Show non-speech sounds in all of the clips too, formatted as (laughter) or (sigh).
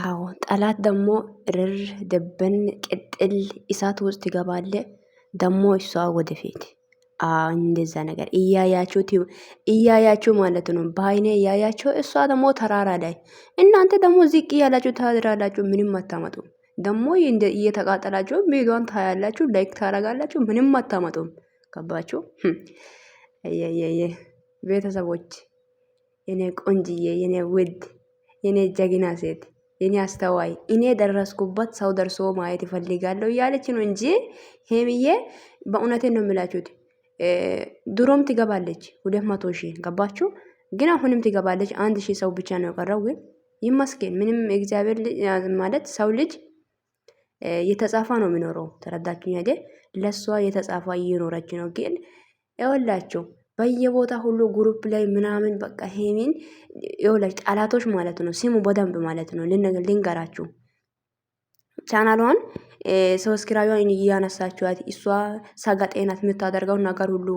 አዎ ጠላት ደግሞ ርር ደብን ቅጥል እሳት ውስጥ ይገባል። ደግሞ እሷ ወደፊት እንደዛ ነገር እያያችሁት እያያችሁ ማለት ነው። በአይኔ እያያቸው እሷ ደግሞ ተራራ ላይ እናንተ ደግሞ ዝቅ እያላችሁ ታድራላችሁ። ምንም አታመጡም። ደግሞ እየተቃጠላችሁ ቪዲዮን ታያላችሁ፣ ላይክ ታረጋላችሁ። ምንም አታመጡም። ገባችሁ? እየየየ ቤተሰቦች የኔ ቆንጅዬ የኔ ውድ የኔ ጀግና ሴት የኔ አስተዋይ እኔ ደረስኩበት ሰው ደርሶ ማየት ይፈልጋለሁ እያለች ነው እንጂ ሄምዬ በእውነቴን ነው የምላችሁት። ድሮም ትገባለች፣ ሁለት መቶ ሺህ ገባችሁ፣ ግን አሁንም ትገባለች። አንድ ሺህ ሰው ብቻ ነው የቀረው። ግን ይመስገን ምንም እግዚአብሔር ማለት ሰው ልጅ የተጻፋ ነው የሚኖረው። ተረዳችሁ? ያደ ለእሷ የተጻፋ እየኖረች ነው። ግን ያወላችሁ በየቦታ ሁሉ ግሩፕ ላይ ምናምን በቃ ሄሚን ይወላጅ ቃላቶች ማለት ነው። ሲሙ በደንብ ማለት ነው። ልንገራችሁ ቻናሏን ሰብስክራይቧን እያነሳችኋት እሷ ሰጋጤናት የምታደርገው ነገር ሁሉ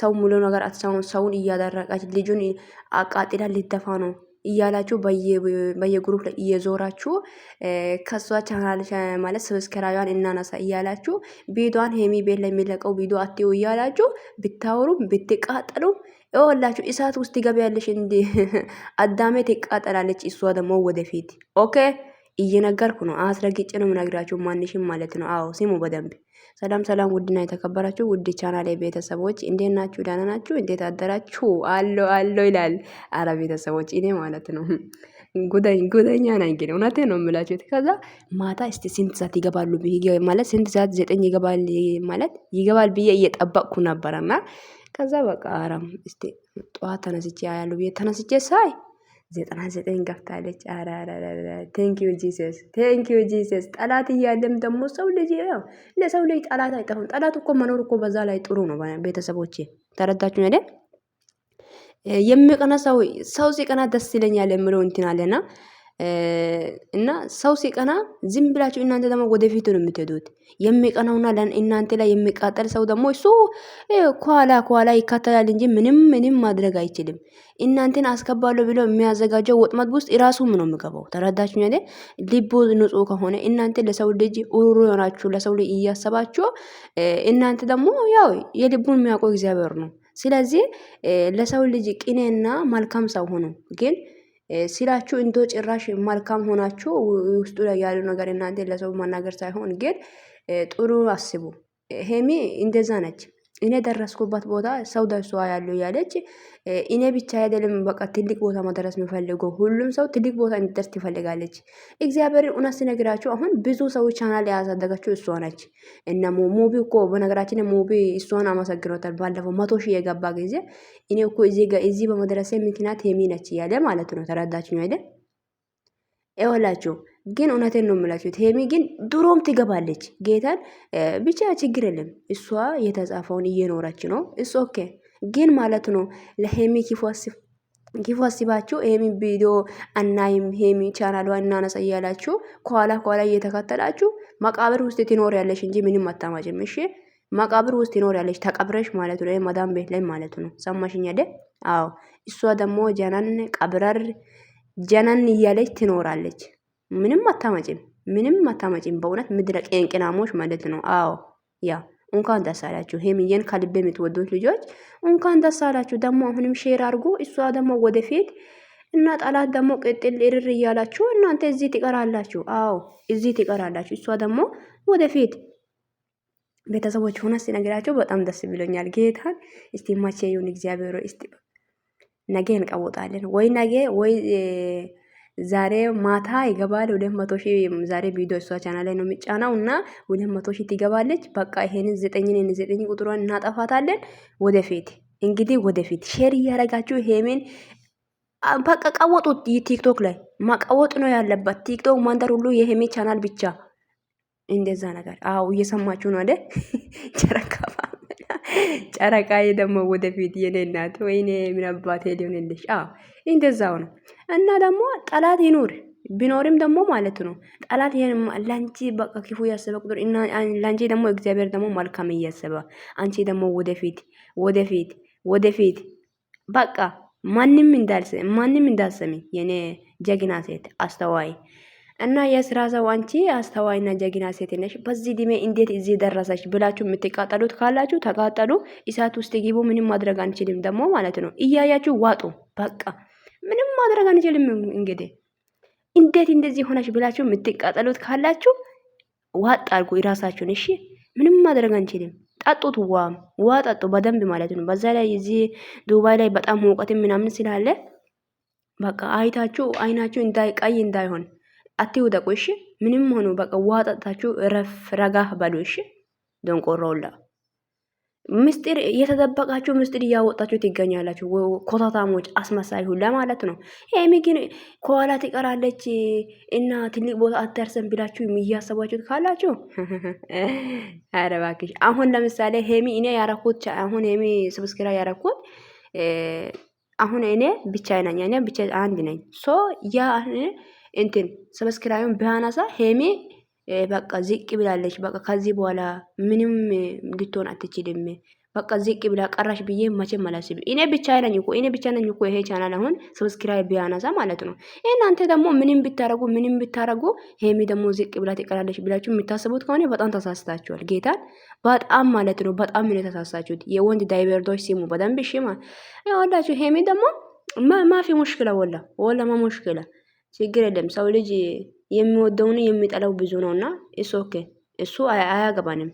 ሰው ሙሉ ነገር አትሰውን ሰውን እያደረቀች ልጁን አቃጢዳ ሊደፋ ነው። እያላችሁ በየግሩፕ ላይ እየዞራችሁ ከሷ ቻናል ማለት ሰብስክራይቧን እናነሳ እያላችሁ ቤቷን ሄሚ ቤት ላይ የሚለቀው ቪዲዮ አትዩ እያላችሁ ብታወሩም ብትቃጠሉም ይወላችሁ እሳት ውስጥ ትገቢያለሽ። እንዲ (laughs) አዳሜ ትቃጠላለች። እሷ ደግሞ ወደፊት ኦኬ እየነገርኩ ነው። አስረግጬ ነው የምነግራችሁ ማንሽም ማለት ነው። አዎ ሲሙ በደንብ ሰላም ሰላም፣ ውድና የተከበራችሁ ውድ ቻናል ቤተሰቦች እንዴት ናችሁ? ደህና ናችሁ? እንዴት አደራችሁ? አሎ አሎ ይላል። አረ ቤተሰቦች እኔ ማለት ነው ጉደኝ ጉደኛ ነኝ፣ ግን እውነቴ ነው የምላችሁ። ከዛ ማታ እስቲ ስንት ሰዓት ይገባሉ ማለት ስንት ሰዓት ዘጠኝ ይገባል ማለት ይገባል ብዬ እየጠበቅኩ ነበረና ከዛ በቃ አረም እስቲ ጠዋት ተነስቼ ያሉ ብዬ ተነስቼ ሳይ ዘጠና ዘጠኝ ገብታለች። ኧረ ዩ ጂሰስ ዩ ጂሰስ። ጠላት እያለም ደግሞ ሰው ልጅ ያው ለሰው ልጅ ጠላት አይጠፉም። ጠላት እኮ መኖር እኮ በዛ ላይ ጥሩ ነው። ቤተሰቦቼ ተረዳችሁ አይደል? የሚቀና ሰው ሰው ሲቀና ደስ ይለኛል የምለው እንትን አለና እና ሰው ሲቀና ዝም ብላችሁ እናንተ ደግሞ ወደፊት ነው የምትሄዱት። የሚቀናውና እናንተ ላይ የሚቃጠል ሰው ደግሞ እሱ ኳላ ኳላ ይካተላል እንጂ ምንም ምንም ማድረግ አይችልም። እናንተን አስከባለሁ ብሎ የሚያዘጋጀው ወጥመድ ውስጥ ራሱም ነው የሚገባው። ተረዳችሁ? ደ ልቡ ንጹህ ከሆነ እናንተ ለሰው ልጅ ሩሩ የሆናችሁ ለሰው ልጅ እያሰባችሁ እናንተ ደግሞ ያው የልቡን የሚያውቀው እግዚአብሔር ነው። ስለዚህ ለሰው ልጅ ቅኔና መልካም ሰው ሆኑ ግን ሲላችሁ እንዶ ጭራሽ መልካም ሆናችሁ ውስጡ ላይ ያሉ ነገር እናንተ ለሰው መናገር ሳይሆን ግን ጥሩ አስቡ። ሄሚ እንደዛ ነች። እኔ ደረስኩበት ቦታ ሰው ደርሶ ያለው እያለች እኔ ብቻ አይደለም፣ በቃ ትልቅ ቦታ መድረስ የሚፈልገው ሁሉም ሰው ትልቅ ቦታ እንዲደርስ ትፈልጋለች። እግዚአብሔር እውነት ሲነግራችሁ አሁን ብዙ ሰው ቻናል ያሳደገችው እሷ ነች እና ሙቢ እኮ በነገራችን ሙቢ እሷን አመሰግኖታል። ባለፈው መቶ ሺህ የገባ ጊዜ እኔ እኮ እዚህ በመድረሴ ምክንያት የሚነች እያለ ማለት ነው። ተረዳችሁ አይደል? ይኸውላችሁ ግን እውነቴን ነው የምላችሁት። ሄሚ ግን ድሮም ትገባለች። ጌታን ብቻ ችግር የለም። እሷ የተጻፈውን እየኖረች ነው። እሱ ኦኬ ግን ማለት ነው ለሄሚ ኪፎስፍ ጊፎ አስባችሁ ይሄም ቪዲዮ አናይም ሄሚ ቻናል እናነሳ እያላችሁ ከኋላ ከኋላ እየተከተላችሁ መቃብር ውስጥ ትኖር ያለሽ እንጂ ምንም አታማጭም። እሺ መቃብር ውስጥ ትኖር ያለሽ ተቀብረሽ ማለት ነው፣ መዳም ቤት ላይ ማለት ነው። ሰማሽኝ አይደል? አዎ። እሷ ደግሞ ጀናን ቀብረር ጀናን እያለች ትኖራለች። ምንም አታመጭም፣ ምንም አታመጭም። በእውነት ምድረ ቄንቅናሞች ማለት ነው። አዎ ያ እንኳን ደስ አላችሁ። ሄምዬን ከልብ የምትወዱት ልጆች እንኳን ደስ አላችሁ። ደግሞ አሁንም ሼር አድርጉ። እሷ ደግሞ ወደፊት እና ጠላት ደግሞ ቅጥል እርር እያላችሁ እናንተ እዚህ ትቀራላችሁ። አዎ እዚህ ትቀራላችሁ። እሷ ደግሞ ወደፊት ቤተሰቦች ሆነ ሲነግራቸው በጣም ደስ ብሎኛል። ጌታን እስቲ ማቼ ይሁን እግዚአብሔር እስቲ ነገ እንቀወጣለን ወይ ነገ ወይ ዛሬ ማታ ይገባል። ሁለት መቶ ሺ ዛሬ ቪዲዮ እሷ ቻና ላይ ነው የሚጫናው እና ሁለት መቶ ሺ ትገባለች። በቃ ይሄንን ዘጠኝን ዘጠኝ ቁጥሯን እናጠፋታለን። ወደፊት እንግዲህ ወደፊት ሼር እያረጋችሁ ሄሜን በቃ ቀወጡት። ቲክቶክ ላይ ማቀወጥ ነው ያለባት። ቲክቶክ ማንደር ሁሉ የሄሜ ቻናል ብቻ እንደዛ ነገር። አዎ እየሰማችሁ ነው አይደል? (laughs) ጨረቃ ጨረቃዬ ደግሞ ወደፊት የኔ እናት፣ ወይኔ ምን አባቴ ሊሆንልሽ። አዎ እንደዛው ነው። እና ደግሞ ጠላት ይኑር ቢኖርም ደግሞ ማለት ነው ጠላት ይሄን ላንቺ በቃ ክፉ ያሰበ ቁጥር እና ላንቺ ደግሞ እግዚአብሔር ደግሞ መልካም እያሰበ አንቺ ደግሞ ወደፊት ወደፊት ወደፊት በቃ ማንም እንዳልሰ ማንም እንዳልሰሚ የኔ ጀግና ሴት አስተዋይ እና የስራ ሰው አንቺ አስተዋይና ጀግና ሴት ነሽ። በዚህ ድሜ እንዴት እዚህ ደረሰች ብላችሁ የምትቃጠሉት ካላችሁ ተቃጠሉ፣ እሳት ውስጥ ግቡ። ምንም ማድረግ አንችልም ደግሞ ማለት ነው። እያያችሁ ዋጡ በቃ ምንም ማድረግ አንችልም። እንግዲህ እንዴት እንደዚህ ሆናች ብላችሁ የምትቃጠሉት ካላችሁ ዋጥ አድርጉ የራሳችሁን። እሺ ምንም ማድረግ አንችልም። ጠጡት፣ ዋ ዋ ጠጡ በደንብ ማለት ነው። በዛ ላይ እዚህ ዱባይ ላይ በጣም ሙቀት ምናምን ስላለ በቃ አይታችሁ አይናችሁ እንዳይ ቀይ እንዳይሆን አትውደቁ። እሺ ምንም ሆኖ በቃ ዋ ጠጣችሁ ረፍ ረጋ በሉ። እሺ ደንቆሮውላ ምስጢር እየተደበቃችሁ ምስጢር እያወጣችሁ ትገኛላችሁ። ኮታታሞች አስመሳይ ሁላ ማለት ነው። ሄሚ ግን ከኋላ ትቀራለች እና ትልቅ ቦታ አትደርስም ብላችሁ የሚያሰባችሁት ካላችሁ (laughs) ኧረ እባክሽ አሁን ለምሳሌ ሄሚ እኔ ያረኩት አሁን ሄሚ ስብስክራ ያረኩት አሁን እኔ ብቻ ነኝ። እኔ ብቻ አንድ ነኝ። ሶ ያ እንትን ስብስክራዩን ቢያነሳ ሄሜ በቃ ዝቅ ብላለች። በቃ ከዚህ በኋላ ምንም ልትሆን አትችልም። በቃ ዝቅ ብላ ቀራሽ ብዬ መቼም አላስብም። እኔ ብቻ ነኝ እኮ እኔ ብቻ ነኝ እኮ ይሄ ቻናል አሁን ሰብስክራይብ ቢያነሳ ማለት ነው። እናንተ ደግሞ ምንም ብታረጉ ምንም ብታረጉ ሄሚ ደግሞ ዝቅ ብላ ትቀራለች ብላችሁ የምታስቡት ከሆነ በጣም ተሳስታችኋል። ጌታን በጣም ማለት ነው። በጣም ነው የተሳሳችሁት። የወንድ ዳይቨርዶች ሲሙ በደንብ ሽማ ወላችሁ። ሄሚ ደግሞ ማፊ ሙሽክላ ወላ ወላ ማ ሙሽክላ ችግር የለም ሰው ልጅ የሚወደውን የሚጠላው ብዙ ነውና እሱ ኦኬ እሱ አያገባንም።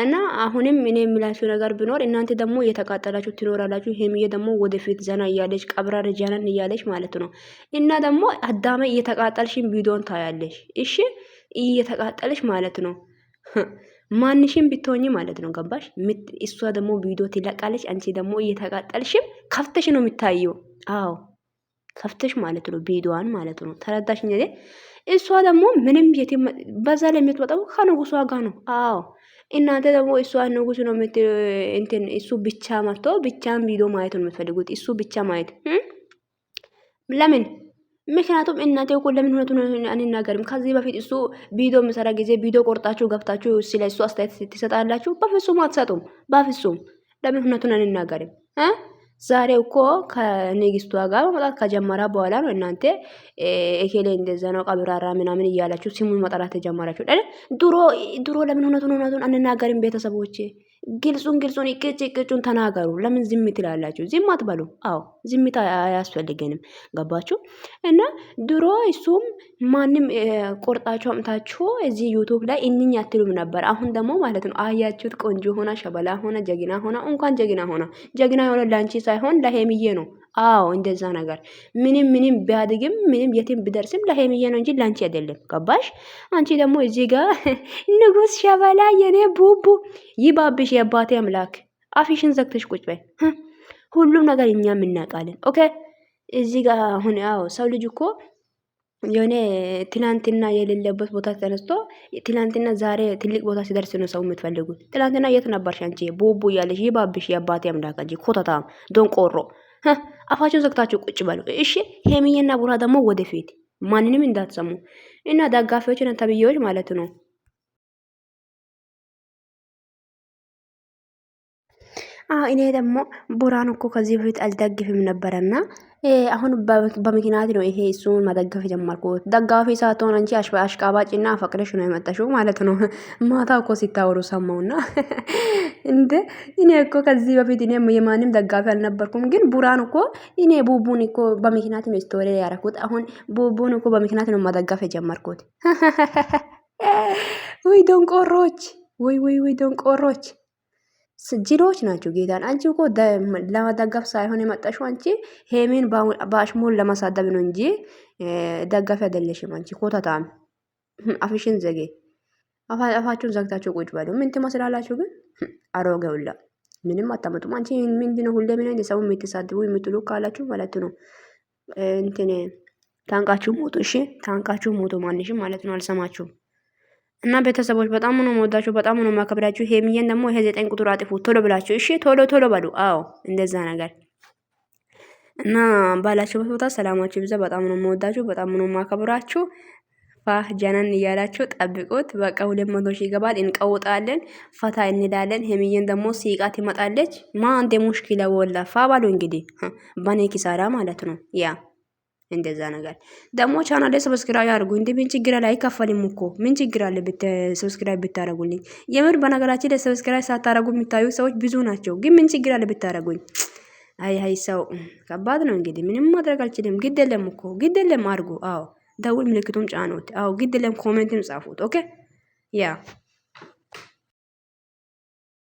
እና አሁንም እኔ የሚላችሁ ነገር ቢኖር እናንተ ደግሞ እየተቃጠላችሁ ትኖራላችሁ። ሄምዬ ደግሞ ወደፊት ዘና እያለች ቀብራ ረጃናን እያለች ማለት ነው። እና ደግሞ አዳመ እየተቃጠልሽን ቪዲዮን ታያለሽ። እሺ እየተቃጠልሽ ማለት ነው። (laughs) ማንሽም ብትሆኝ ማለት ነው። ገባሽ? እሷ ደግሞ ቪዲዮ ትለቃለች። አንቺ ደግሞ እየተቃጠልሽም ከፍተሽ ነው የምታየው። አዎ ከፍተሽ ማለት ነው፣ ቪዲዮዋን ማለት ነው። ተረዳሽኝ? እሷ ደግሞ ምንም በዛ ላይ የምትወጣው ከንጉሷ ጋር ነው። አዎ እናንተ ደግሞ እሷ ንጉስ ነው እንትን እሱ ብቻ መጥቶ ብቻን ቪዲዮ ማየት ነው የምትፈልጉት፣ እሱ ብቻ ማየት ለምን? ምክንያቱም እናንተ እኮ ለምን ሁነቱ አንናገርም? ከዚህ በፊት እሱ ቪዲዮ የሚሰራ ጊዜ ቪዲዮ ቆርጣችሁ ገብታችሁ ስለ እሱ አስተያየት ትሰጣላችሁ? በፍጹም አትሰጡም። በፍጹም ለምን ሁነቱን አንናገርም? ዛሬ እኮ ከንግስቷ ጋር በመጣት ከጀመረ በኋላ ነው እናንተ እኬሌ እንደዛ ነው ቀብራራ ምናምን እያላችሁ ሲሙን መጠራት ተጀመራችሁ። ድሮ ድሮ ለምን እውነቱን እውነቱን አንናገርም ቤተሰቦቼ? ግልጹን ግልጹን ቅጭ ቅጩን ተናገሩ። ለምን ዝም ትላላችሁ? ዝም አትበሉ። አዎ ዝምታ አያስፈልገንም። ገባችሁ? እና ድሮ እሱም ማንም ቆርጣችሁ አምታችሁ እዚህ ዩቱብ ላይ እንኝ አትሉም ነበር። አሁን ደግሞ ማለት ነው አያችሁት። ቆንጆ ሆና ሸበላ ሆና ጀግና ሆና እንኳን ጀግና ሆና ጀግና የሆነ ላንቺ ሳይሆን ለሄምዬ ነው። አዎ እንደዛ ነገር ምንም ምንም ቢያድግም ምንም የትም ብደርስም ለሄምዬ ነው እንጂ ለአንቺ አይደለም። ገባሽ? አንቺ ደግሞ እዚህ ጋር (laughs) ንጉስ ሸበላ የኔ ቡቡ ይባብሽ። የአባቴ አምላክ አፊሽን ዘግተሽ ቁጭ በይ። ሁሉም ነገር እኛ የምናውቃለን። ኦኬ እዚህ ጋር አሁን አዎ ሰው ልጅ እኮ የሆነ ትላንትና የሌለበት ቦታ ተነስቶ ትላንትና ዛሬ ትልቅ ቦታ ሲደርስ ነው ሰው የምትፈልጉት። ትላንትና የት ነበርሽ አንቺ? ቦቦ እያለሽ ይባብሽ የአባቴ አምላክ አንቺ ኮተታም ዶንቆሮ አፋቸው ዘግታቸው ቁጭ በሉ። እሺ ሄሚዬና ቡራ ደግሞ ወደፊት ማንንም እንዳትሰሙ እና ደጋፊዎች ተብዬዎች ማለት ነው። እኔ ደግሞ ቡራን እኮ ከዚህ በፊት አልደግፍም ነበረና አሁን በምክንያት ነው ይሄ እሱን መደገፍ የጀመርኩት። ደጋፊ ሳትሆን አንቺ አሽቃባጭና አፈቅደሽ ነው የመጣሽው ማለት ነው። (laughs) ማታ እኮ ሲታወሩ ሰማውና (laughs) እንደ እኔ እኮ ከዚህ በፊት እኔ የማንም ደጋፊ አልነበርኩም። ግን ቡራን እኮ እኔ ቡቡን እኮ በምክንያት ነው ስቶሪ ያረኩት። አሁን ቡቡን እኮ በምክንያት ነው መደጋፍ የጀመርኩት። ወይ (laughs) ደንቆሮች! ወይ ወይ ወይ ደንቆሮች! ጅሎች ናቸው። ጌታን አንቺ እኮ ለመደገፍ ሳይሆን የመጣሽው አንቺ ሄሜን በአሽሙር ለማሳደብ ነው እንጂ ደጋፊ አይደለሽም። አንቺ ኮተታም አፍሽን ዘጌ አፋችሁን ዘግታችሁ ቁጭ በሉ። ምን ትመስላላችሁ ግን? አሮጌ ሁላ ምንም አታመጡም። አንቺ ምንድነው ሁሌ ምን ሰው የምትሳድቡ የምትሉ ካላችሁ ማለት ነው እንትን ታንቃችሁ ሞቶ። እሺ ታንቃችሁ ሞቶ ማንሽም ማለት ነው። አልሰማችሁም እና ቤተሰቦች በጣም ነው መወዳችሁ፣ በጣም ነው ማከብራችሁ። ሄሚየን ደግሞ ይሄ ዘጠኝ ቁጥር አጥፉ ቶሎ ብላችሁ እሺ፣ ቶሎ ቶሎ በሉ። አዎ እንደዛ ነገር እና ባላችሁበት ቦታ ሰላማችሁ ይብዛ። በጣም ነው መወዳችሁ፣ በጣም ነው ማከብራችሁ። ፋህ ጀነን እያላችሁ ጠብቁት። በቃ ሁለት መቶ ሺህ ይገባል፣ እንቀውጣለን፣ ፈታ እንላለን። ሄሚየን ደግሞ ሲቃት ትመጣለች። ማን እንደ ሙሽኪላ ወላ ፋ ባሉ እንግዲህ በኔ ኪሳራ ማለት ነው ያ እንደዛ ነገር ደግሞ ቻናሌ ሰብስክራይብ አድርጉ። እንዴ ምን ችግር አለ? አይከፈልም እኮ ምን ችግር አለ? ሰብስክራይብ ብታረጉልኝ። የምር በነገራችን ላይ ሰብስክራይብ ሳታረጉ የሚታዩ ሰዎች ብዙ ናቸው፣ ግን ምን ችግር አለ ብታረጉኝ? አይ አይ ሰው ከባድ ነው እንግዲህ ምንም ማድረግ አልችልም። ግድ የለም እኮ ግድ የለም አድርጉ። አዎ ደውል ምልክቱም ጫኑት። አዎ ግድ የለም ኮሜንትም ጻፉት። ኦኬ ያ